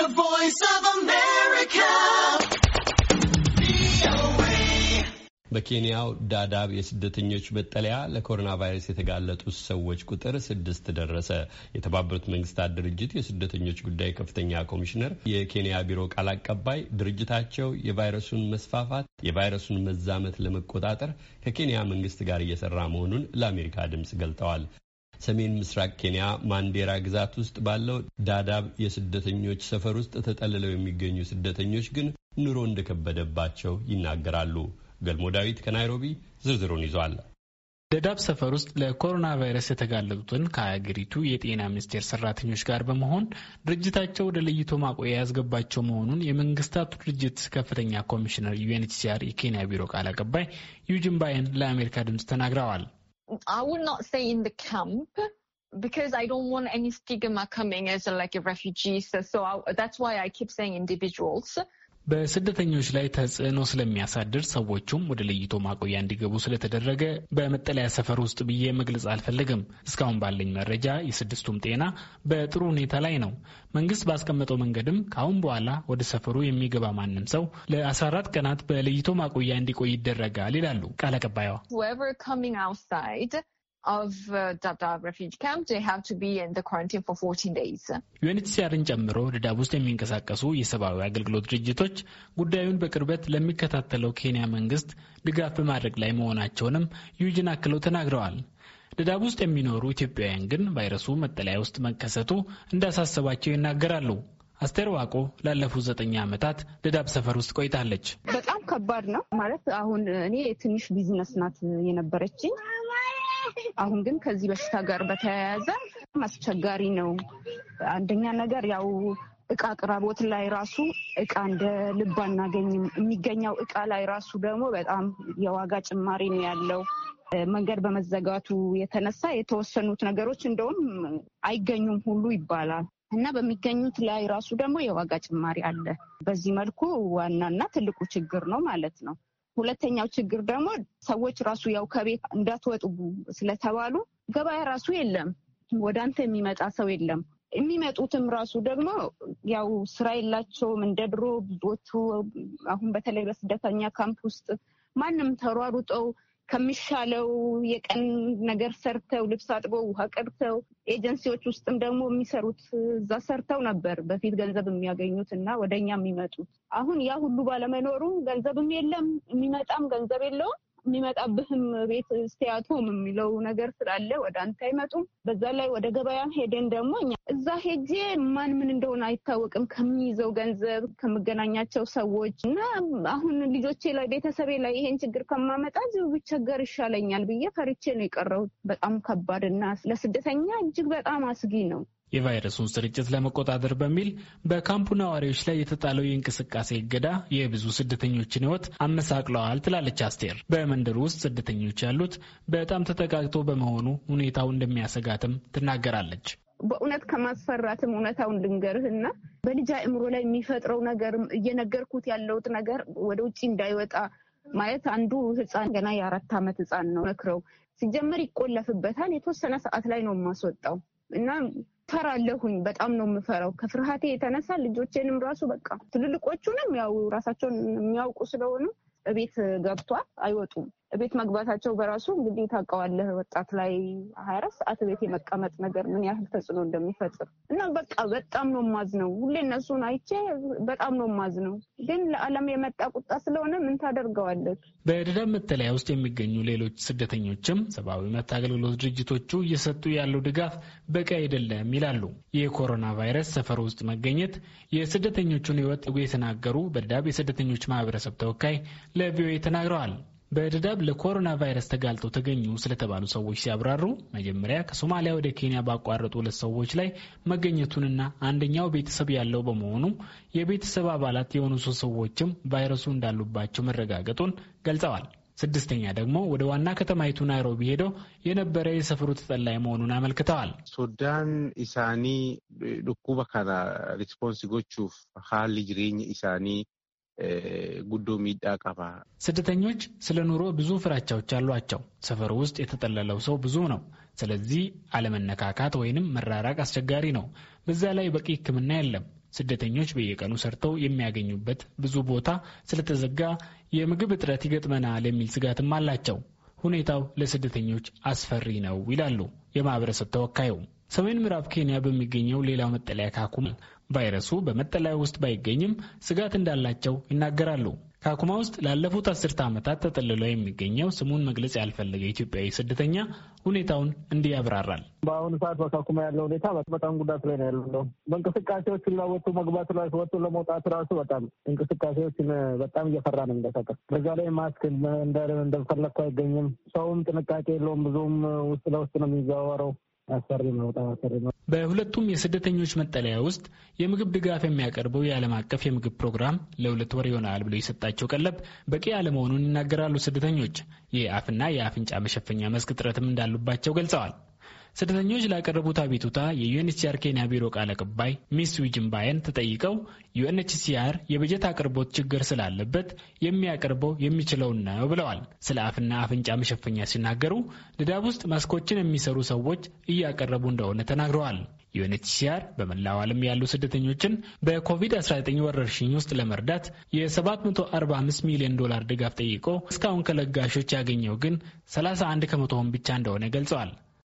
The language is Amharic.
The Voice of America. በኬንያው ዳዳብ የስደተኞች መጠለያ ለኮሮና ቫይረስ የተጋለጡ ሰዎች ቁጥር ስድስት ደረሰ። የተባበሩት መንግስታት ድርጅት የስደተኞች ጉዳይ ከፍተኛ ኮሚሽነር የኬንያ ቢሮ ቃል አቀባይ ድርጅታቸው የቫይረሱን መስፋፋት፣ የቫይረሱን መዛመት ለመቆጣጠር ከኬንያ መንግስት ጋር እየሰራ መሆኑን ለአሜሪካ ድምፅ ገልጠዋል። ሰሜን ምስራቅ ኬንያ ማንዴራ ግዛት ውስጥ ባለው ዳዳብ የስደተኞች ሰፈር ውስጥ ተጠልለው የሚገኙ ስደተኞች ግን ኑሮ እንደከበደባቸው ይናገራሉ። ገልሞ ዳዊት ከናይሮቢ ዝርዝሩን ይዟል። ደዳብ ሰፈር ውስጥ ለኮሮና ቫይረስ የተጋለጡትን ከሀገሪቱ የጤና ሚኒስቴር ሰራተኞች ጋር በመሆን ድርጅታቸው ወደ ለይቶ ማቆያ ያስገባቸው መሆኑን የመንግስታቱ ድርጅት ከፍተኛ ኮሚሽነር ዩኤንኤችሲአር የኬንያ ቢሮ ቃል አቀባይ ዩጅን ለአሜሪካ ድምፅ ተናግረዋል። I would not say in the camp because I don't want any stigma coming as a, like a refugee. So, so I, that's why I keep saying individuals በስደተኞች ላይ ተጽዕኖ ስለሚያሳድር ሰዎቹም ወደ ለይቶ ማቆያ እንዲገቡ ስለተደረገ በመጠለያ ሰፈር ውስጥ ብዬ መግለጽ አልፈለግም። እስካሁን ባለኝ መረጃ የስድስቱም ጤና በጥሩ ሁኔታ ላይ ነው። መንግስት ባስቀመጠው መንገድም ከአሁን በኋላ ወደ ሰፈሩ የሚገባ ማንም ሰው ለ14 ቀናት በለይቶ ማቆያ እንዲቆይ ይደረጋል ይላሉ ቃል አቀባይዋ። of Dadaab uh, refugee camp, they have to be in the quarantine for 14 days. ዩኤንኤችሲአርን ጨምሮ ድዳብ ውስጥ የሚንቀሳቀሱ የሰብአዊ አገልግሎት ድርጅቶች ጉዳዩን በቅርበት ለሚከታተለው ኬንያ መንግስት ድጋፍ በማድረግ ላይ መሆናቸውንም ዩጅን አክለው ተናግረዋል። ድዳብ ውስጥ የሚኖሩ ኢትዮጵያውያን ግን ቫይረሱ መጠለያ ውስጥ መከሰቱ እንዳሳሰባቸው ይናገራሉ። አስቴር ዋቆ ላለፉት ዘጠኝ ዓመታት ደዳብ ሰፈር ውስጥ ቆይታለች። በጣም ከባድ ነው ማለት አሁን እኔ ትንሽ ቢዝነስ ናት የነበረችኝ አሁን ግን ከዚህ በሽታ ጋር በተያያዘ አስቸጋሪ ነው። አንደኛ ነገር ያው እቃ አቅራቦት ላይ ራሱ እቃ እንደ ልብ አናገኝም። የሚገኘው እቃ ላይ ራሱ ደግሞ በጣም የዋጋ ጭማሪ ነው ያለው። መንገድ በመዘጋቱ የተነሳ የተወሰኑት ነገሮች እንደውም አይገኙም ሁሉ ይባላል እና በሚገኙት ላይ ራሱ ደግሞ የዋጋ ጭማሪ አለ። በዚህ መልኩ ዋናና ትልቁ ችግር ነው ማለት ነው። ሁለተኛው ችግር ደግሞ ሰዎች ራሱ ያው ከቤት እንዳትወጡ ስለተባሉ ገበያ ራሱ የለም። ወደ አንተ የሚመጣ ሰው የለም። የሚመጡትም ራሱ ደግሞ ያው ስራ የላቸውም እንደ ድሮ ብዙዎቹ አሁን በተለይ በስደተኛ ካምፕ ውስጥ ማንም ተሯሩጠው ከሚሻለው የቀን ነገር ሰርተው ልብስ አጥበው ውሃ ቀድተው ኤጀንሲዎች ውስጥም ደግሞ የሚሰሩት እዛ ሰርተው ነበር በፊት ገንዘብ የሚያገኙት እና ወደኛ የሚመጡት። አሁን ያ ሁሉ ባለመኖሩ ገንዘብም የለም የሚመጣም ገንዘብ የለውም። የሚመጣብህም ቤት ስቲያቶም የሚለው ነገር ስላለ ወደ አንተ አይመጡም። በዛ ላይ ወደ ገበያ ሄደን ደግሞ እኛ እዛ ሄጄ ማን ምን እንደሆነ አይታወቅም ከሚይዘው ገንዘብ ከምገናኛቸው ሰዎች እና አሁን ልጆቼ ላይ ቤተሰቤ ላይ ይሄን ችግር ከማመጣ እዚሁ ብቸገር ይሻለኛል ብዬ ፈርቼ ነው የቀረሁት። በጣም ከባድ እና ለስደተኛ እጅግ በጣም አስጊ ነው። የቫይረሱን ስርጭት ለመቆጣጠር በሚል በካምፑ ነዋሪዎች ላይ የተጣለው የእንቅስቃሴ እገዳ የብዙ ስደተኞችን ሕይወት አመሳቅለዋል ትላለች አስቴር። በመንደሩ ውስጥ ስደተኞች ያሉት በጣም ተጠቃቅቶ በመሆኑ ሁኔታው እንደሚያሰጋትም ትናገራለች። በእውነት ከማስፈራትም እውነታውን እና በልጅ አእምሮ ላይ የሚፈጥረው ነገር እየነገርኩት ያለውት ነገር ወደ ውጭ እንዳይወጣ ማለት አንዱ ህፃን ገና የአራት ዓመት ህፃን ነው። መክረው ሲጀመር ይቆለፍበታል። የተወሰነ ሰዓት ላይ ነው የማስወጣው እና ፈራለሁኝ። በጣም ነው የምፈራው። ከፍርሃቴ የተነሳ ልጆቼንም ራሱ በቃ ትልልቆቹንም ያው ራሳቸውን የሚያውቁ ስለሆኑ እቤት ገብቷ አይወጡም። ቤት መግባታቸው በራሱ እንግዲህ ታውቀዋለህ፣ ወጣት ላይ ሀያ አራት ሰዓት ቤት የመቀመጥ ነገር ምን ያህል ተጽዕኖ እንደሚፈጥር እና በቃ በጣም ነው ነው። ሁሌ እነሱን አይቼ በጣም ነው ነው። ግን ለዓለም የመጣ ቁጣ ስለሆነ ምን ታደርገዋለች። በድዳብ መጠለያ ውስጥ የሚገኙ ሌሎች ስደተኞችም ሰብአዊ መብት አገልግሎት ድርጅቶቹ እየሰጡ ያለው ድጋፍ በቂ አይደለም ይላሉ። የኮሮና ቫይረስ ሰፈር ውስጥ መገኘት የስደተኞቹን ህይወት የተናገሩ በድዳብ የስደተኞች ማህበረሰብ ተወካይ ለቪኦኤ ተናግረዋል። በድዳብ ለኮሮና ቫይረስ ተጋልጠው ተገኙ ስለተባሉ ሰዎች ሲያብራሩ መጀመሪያ ከሶማሊያ ወደ ኬንያ ባቋረጡ ሁለት ሰዎች ላይ መገኘቱንና አንደኛው ቤተሰብ ያለው በመሆኑ የቤተሰብ አባላት የሆኑ ሶስት ሰዎችም ቫይረሱ እንዳሉባቸው መረጋገጡን ገልጸዋል። ስድስተኛ ደግሞ ወደ ዋና ከተማይቱ ናይሮቢ ሄደው የነበረ የሰፈሩ ተጠላይ መሆኑን አመልክተዋል። ሱዳን ኢሳኒ ዱኩባ ከና ሪስፖንስ ጎቹፍ ሀሊ ኢሳኒ ጉዶ ሚዳ ቀባ ስደተኞች ስለ ኑሮ ብዙ ፍራቻዎች አሏቸው። ሰፈሩ ውስጥ የተጠለለው ሰው ብዙ ነው። ስለዚህ አለመነካካት ወይንም መራራቅ አስቸጋሪ ነው። በዛ ላይ በቂ ሕክምና የለም። ስደተኞች በየቀኑ ሰርተው የሚያገኙበት ብዙ ቦታ ስለተዘጋ የምግብ እጥረት ይገጥመናል የሚል ስጋትም አላቸው። ሁኔታው ለስደተኞች አስፈሪ ነው ይላሉ የማህበረሰብ ተወካዩም። ሰሜን ምዕራብ ኬንያ በሚገኘው ሌላው መጠለያ ካኩማ ቫይረሱ በመጠለያ ውስጥ ባይገኝም ስጋት እንዳላቸው ይናገራሉ። ካኩማ ውስጥ ላለፉት አስርተ ዓመታት ተጠልሎ የሚገኘው ስሙን መግለጽ ያልፈለገ ኢትዮጵያዊ ስደተኛ ሁኔታውን እንዲህ ያብራራል። በአሁኑ ሰዓት በካኩማ ያለው ሁኔታ በጣም ጉዳት ላይ ነው ያለው። በእንቅስቃሴዎች ወጥቶ መግባት ራሱ ወጥቶ ለመውጣት ራሱ በጣም እንቅስቃሴዎችን በጣም እየፈራ ነው የሚንቀሳቀስ። በዛ ላይ ማስክ እንደፈለግኩ አይገኝም። ሰውም ጥንቃቄ የለውም። ብዙም ውስጥ ለውስጥ ነው የሚዘዋወረው። በሁለቱም የስደተኞች መጠለያ ውስጥ የምግብ ድጋፍ የሚያቀርበው የዓለም አቀፍ የምግብ ፕሮግራም ለሁለት ወር ይሆናል ብሎ የሰጣቸው ቀለብ በቂ አለመሆኑን ይናገራሉ። ስደተኞች የአፍና የአፍንጫ መሸፈኛ መስክ እጥረትም እንዳሉባቸው ገልጸዋል። ስደተኞች ላቀረቡት አቤቱታ የዩኤንኤችሲአር ኬንያ ቢሮ ቃል አቀባይ ሚስ ዊጅምባየን ተጠይቀው ዩኤንኤችሲአር የበጀት አቅርቦት ችግር ስላለበት የሚያቀርበው የሚችለውን ነው ብለዋል። ስለ አፍና አፍንጫ መሸፈኛ ሲናገሩ ድዳብ ውስጥ መስኮችን የሚሰሩ ሰዎች እያቀረቡ እንደሆነ ተናግረዋል። ዩኤንኤችሲአር በመላው ዓለም ያሉ ስደተኞችን በኮቪድ-19 ወረርሽኝ ውስጥ ለመርዳት የ745 ሚሊዮን ዶላር ድጋፍ ጠይቆ እስካሁን ከለጋሾች ያገኘው ግን 31 ከመቶውን ብቻ እንደሆነ ገልጸዋል።